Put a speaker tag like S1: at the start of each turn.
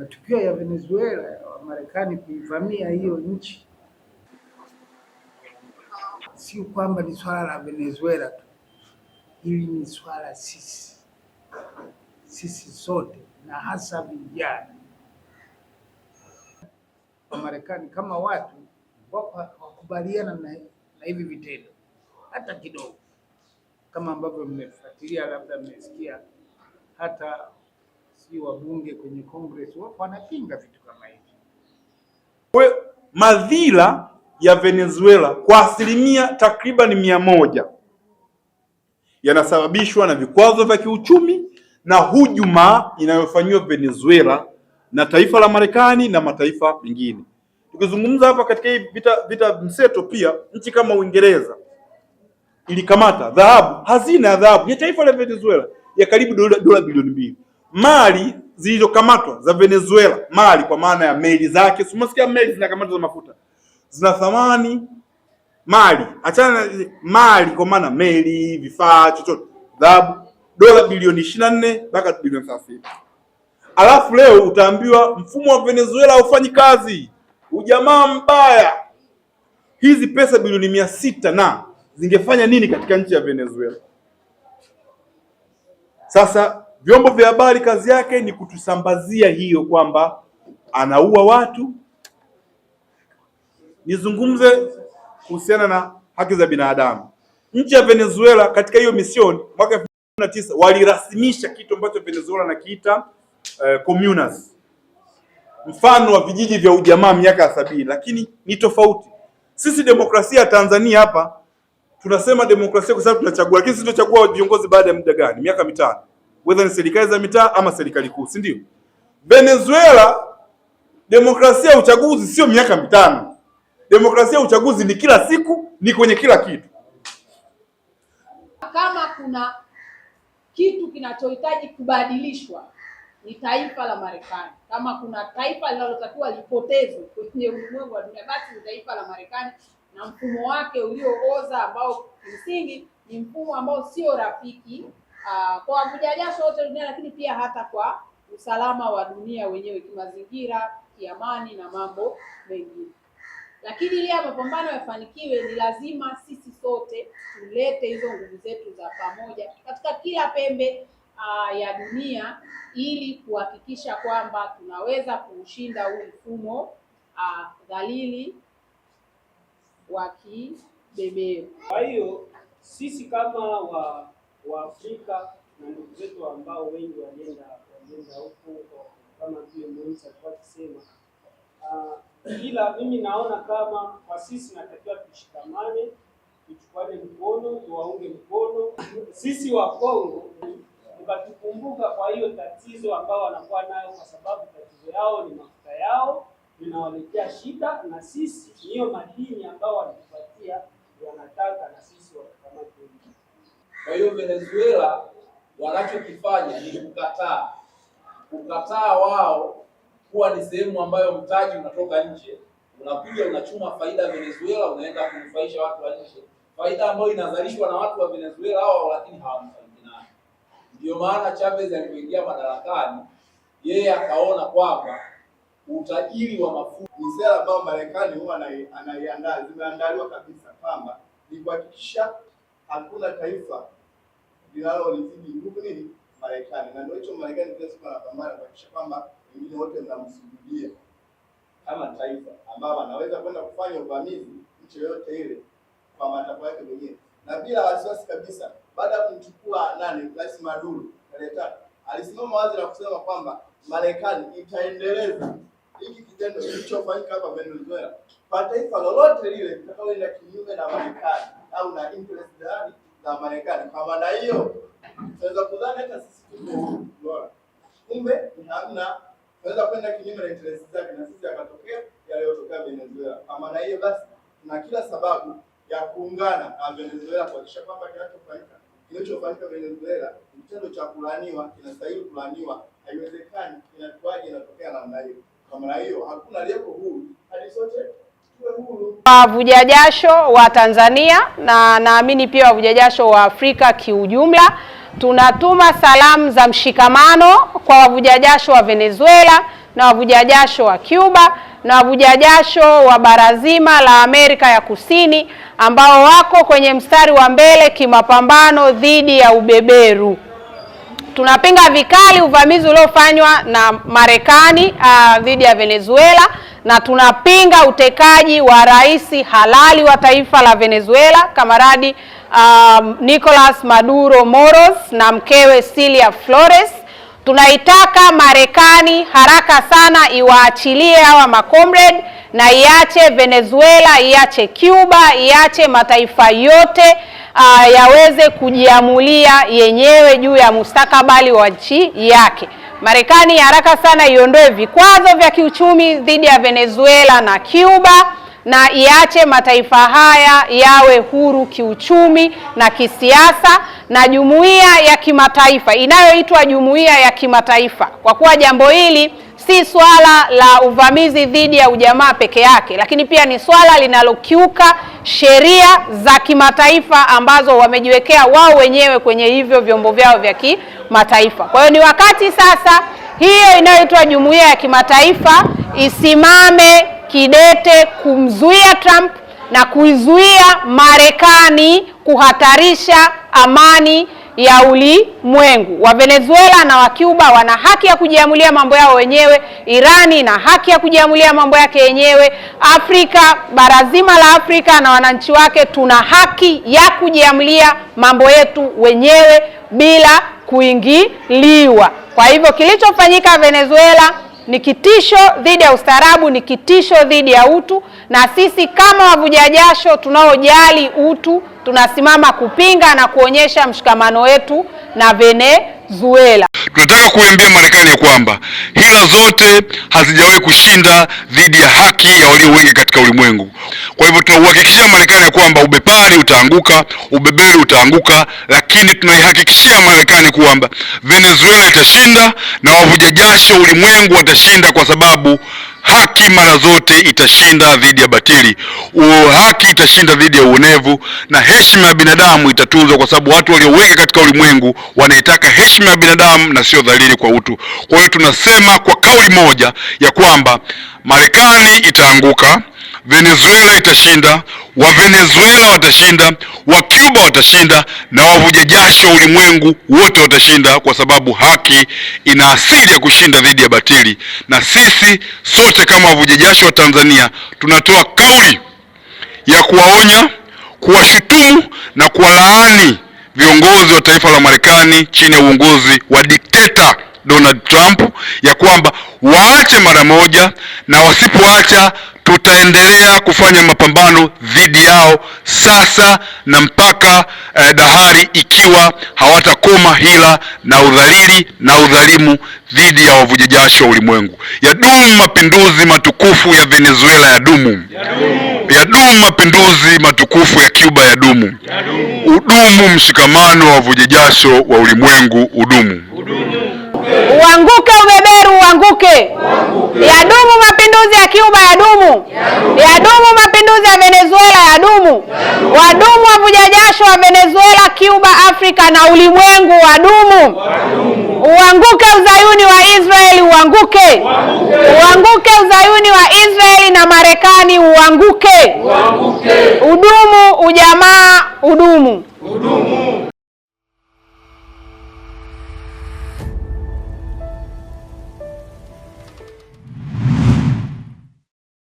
S1: matukio ya Venezuela wa Marekani kuivamia hiyo nchi, si kwamba ni swala la Venezuela tu, hili ni swala sisi sisi sote na hasa vijana wa Marekani kama watu wakubaliana na, na hivi vitendo hata kidogo, kama ambavyo mmefuatilia, labda mmesikia hata si wabunge kwenye Congress wapo wanapinga vitu kama hivi.
S2: Kwa madhila ya Venezuela kwa asilimia takriban mia moja yanasababishwa na vikwazo vya kiuchumi na hujuma inayofanyiwa Venezuela na taifa la Marekani na mataifa mengine. Tukizungumza hapa katika hii vita, vita mseto, pia nchi kama Uingereza ilikamata dhahabu, hazina ya dhahabu ya taifa la Venezuela ya karibu dola bilioni mbili mali zilizokamatwa za Venezuela, mali kwa maana ya meli zake, simasikia meli zinakamatwa za mafuta zina thamani mali, achana mali kwa maana meli, vifaa, chochote, dhahabu dola bilioni ishirini na nne mpaka bilioni thelathini. Alafu leo utaambiwa mfumo wa Venezuela haufanyi kazi, ujamaa mbaya. Hizi pesa bilioni mia sita na zingefanya nini katika nchi ya Venezuela sasa Vyombo vya habari kazi yake ni kutusambazia hiyo kwamba anaua watu. Nizungumze kuhusiana na haki za binadamu. Nchi ya Venezuela katika hiyo mission mwaka tisa walirasimisha kitu ambacho Venezuela nakiita eh, communas, mfano wa vijiji vya ujamaa miaka ya sabini, lakini ni tofauti. Sisi demokrasia ya Tanzania hapa tunasema demokrasia kwa sababu tunachagua, lakini sisi tunachagua viongozi baada ya muda gani? Miaka mitano whether ni serikali za mitaa ama serikali kuu, si ndio? Venezuela demokrasia ya uchaguzi sio miaka mitano. Demokrasia ya uchaguzi ni kila siku, ni kwenye kila kitu.
S3: Kama kuna kitu kinachohitaji kubadilishwa ni taifa la Marekani. Kama kuna taifa linalotakiwa lipotezwe kwenye ulimwengu wa dunia, basi ni taifa la Marekani na mfumo wake uliooza, ambao kimsingi ni mfumo ambao sio rafiki Ah, kwa wavuja wote dunia lakini pia hata kwa usalama wa dunia wenyewe, kimazingira, kiamani na mambo mengine. Lakini ili mapambano yafanikiwe, ni lazima sisi sote tulete hizo nguvu zetu za pamoja katika kila pembe aa, ah, ya dunia ili kuhakikisha kwamba tunaweza kuushinda huu mfumo ah, dhalili wa kibebeo.
S4: Kwa hiyo sisi kama wa Waafrika na ndugu zetu ambao wengi walienda walienda huku kama vile Moisa alikuwa akisema, ah, ila mimi naona kama kwa sisi natakiwa tushikamane, tuchukane mkono, tuwaunge mkono sisi wa Kongo tukatukumbuka. Kwa hiyo tatizo ambao wanakuwa nayo, kwa sababu tatizo yao ni mafuta yao linawaletea shida, na sisi hiyo madini ambao wanatupatia wanataka na sisi watukamate.
S5: Kwa hiyo Venezuela wanachokifanya ni kukataa, kukataa wao kuwa ni sehemu ambayo mtaji unatoka nje, unakuja unachuma faida Venezuela, unaenda kunufaisha watu wa nje, faida ambayo inazalishwa na watu wa Venezuela hao, lakini hawamfaidi nayo. Ndio maana Chavez alipoingia madarakani, yeye akaona kwamba utajiri wa mafuta ni sera ambayo Marekani huwa anaiandaa, zimeandaliwa kabisa kwamba ni kuhakikisha hakuna taifa linalolizidi nguvu nini Marekani, na ndio hicho Marekani kila siku anapambana kuhakikisha kwamba wengine wote mnamsujudia kama taifa, ambao anaweza kwenda kufanya uvamizi nchi yoyote ile kwa matakwa yake mwenyewe na bila wasiwasi kabisa. Baada ya kumchukua nani, Rais Maduro tarehe tatu, alisimama wazi na kusema kwamba Marekani itaendeleza hiki kitendo kilichofanyika hapa Venezuela kwa taifa lolote lile litakaoenda kinyume na Marekani au na interest zake za Marekani. Kwa maana hiyo tunaweza kudhani hata sisi tuko bora, kumbe namna Tunaweza kwenda kinyume na interest zake na sisi akatokea yaliyotokea Venezuela. Kwa maana hiyo basi, na kila sababu ya kuungana na Venezuela kuhakikisha kwamba kinachofanyika kinachofanyika Venezuela kitendo cha kulaniwa, kinastahili kulaniwa. Haiwezekani inatuaje inatokea namna hiyo. Kwa maana hiyo hakuna lepo huu hadi sote
S6: wavuja jasho wa Tanzania na naamini pia wavuja jasho wa Afrika kiujumla. Tunatuma salamu za mshikamano kwa wavuja jasho wa Venezuela na wavuja jasho wa Cuba na wavuja jasho wa bara zima la Amerika ya Kusini ambao wako kwenye mstari wa mbele kimapambano dhidi ya ubeberu tunapinga vikali uvamizi uliofanywa na Marekani uh, dhidi ya Venezuela na tunapinga utekaji wa rais halali wa taifa la Venezuela kamaradi um, Nicolas Maduro Moros na mkewe Celia Flores. Tunaitaka Marekani haraka sana iwaachilie hawa makomrade na iache Venezuela, iache Cuba, iache mataifa yote uh, yaweze kujiamulia yenyewe juu ya mustakabali wa nchi yake. Marekani haraka sana iondoe vikwazo vya kiuchumi dhidi ya Venezuela na Cuba na iache mataifa haya yawe huru kiuchumi na kisiasa, na jumuiya ya kimataifa inayoitwa jumuiya ya kimataifa, kwa kuwa jambo hili si swala la uvamizi dhidi ya ujamaa peke yake, lakini pia ni swala linalokiuka sheria za kimataifa ambazo wamejiwekea wao wenyewe kwenye hivyo vyombo vyao vya kimataifa. Kwa hiyo ni wakati sasa hiyo inayoitwa jumuiya ya kimataifa isimame kidete kumzuia Trump na kuizuia Marekani kuhatarisha amani ya ulimwengu. Wa Venezuela na wa Cuba wana haki ya kujiamulia mambo yao wenyewe, Irani ina haki ya kujiamulia mambo yake yenyewe, Afrika, bara zima la Afrika na wananchi wake tuna haki ya kujiamulia mambo yetu wenyewe bila kuingiliwa. Kwa hivyo kilichofanyika Venezuela ni kitisho dhidi ya ustaarabu, ni kitisho dhidi ya utu, na sisi kama wavuja jasho tunaojali utu tunasimama kupinga na kuonyesha mshikamano wetu na
S7: Venezuela. Tunataka kuambia Marekani ya kwamba hila zote hazijawahi kushinda dhidi ya haki ya walio wengi katika ulimwengu. Kwa hivyo tunauhakikishia Marekani ya kwamba ubepari utaanguka, ubeberi utaanguka, lakini tunaihakikishia Marekani kwamba Venezuela itashinda na wavuja jasho ulimwengu watashinda kwa sababu Haki mara zote itashinda dhidi ya batili, haki itashinda dhidi ya uonevu, na heshima ya binadamu itatunzwa, kwa sababu watu wengi katika ulimwengu wanaitaka heshima ya binadamu na sio dhalili kwa utu. Kwa hiyo tunasema kwa kauli moja ya kwamba Marekani itaanguka, Venezuela itashinda, wa Venezuela watashinda, wa Cuba watashinda, na wavuja jasho wa ulimwengu wote watashinda, kwa sababu haki ina asili ya kushinda dhidi ya batili. Na sisi sote kama wavuja jasho wa Tanzania tunatoa kauli ya kuwaonya, kuwashutumu na kuwalaani viongozi wa taifa la Marekani chini ya uongozi wa dikteta Donald Trump ya kwamba waache mara moja, na wasipoacha tutaendelea kufanya mapambano dhidi yao sasa na mpaka eh, dahari, ikiwa hawatakoma hila na udhalili na udhalimu dhidi ya wavuja jasho wa ulimwengu. Yadumu mapinduzi matukufu ya Venezuela, dumu ya Yadumu mapinduzi matukufu ya Cuba, ya dumu Udumu mshikamano wa wavuja jasho wa ulimwengu, udumu,
S8: udumu. Uanguke ubeberu, uanguke. Cuba yadumu, yadumu mapinduzi ya Venezuela yadumu, wadumu wavuja jasho wa Venezuela, Cuba, Afrika na ulimwengu wadumu. Uanguke uzayuni wa Israeli, uanguke, uanguke uzayuni wa Israeli na Marekani uanguke, udumu ujamaa, udumu.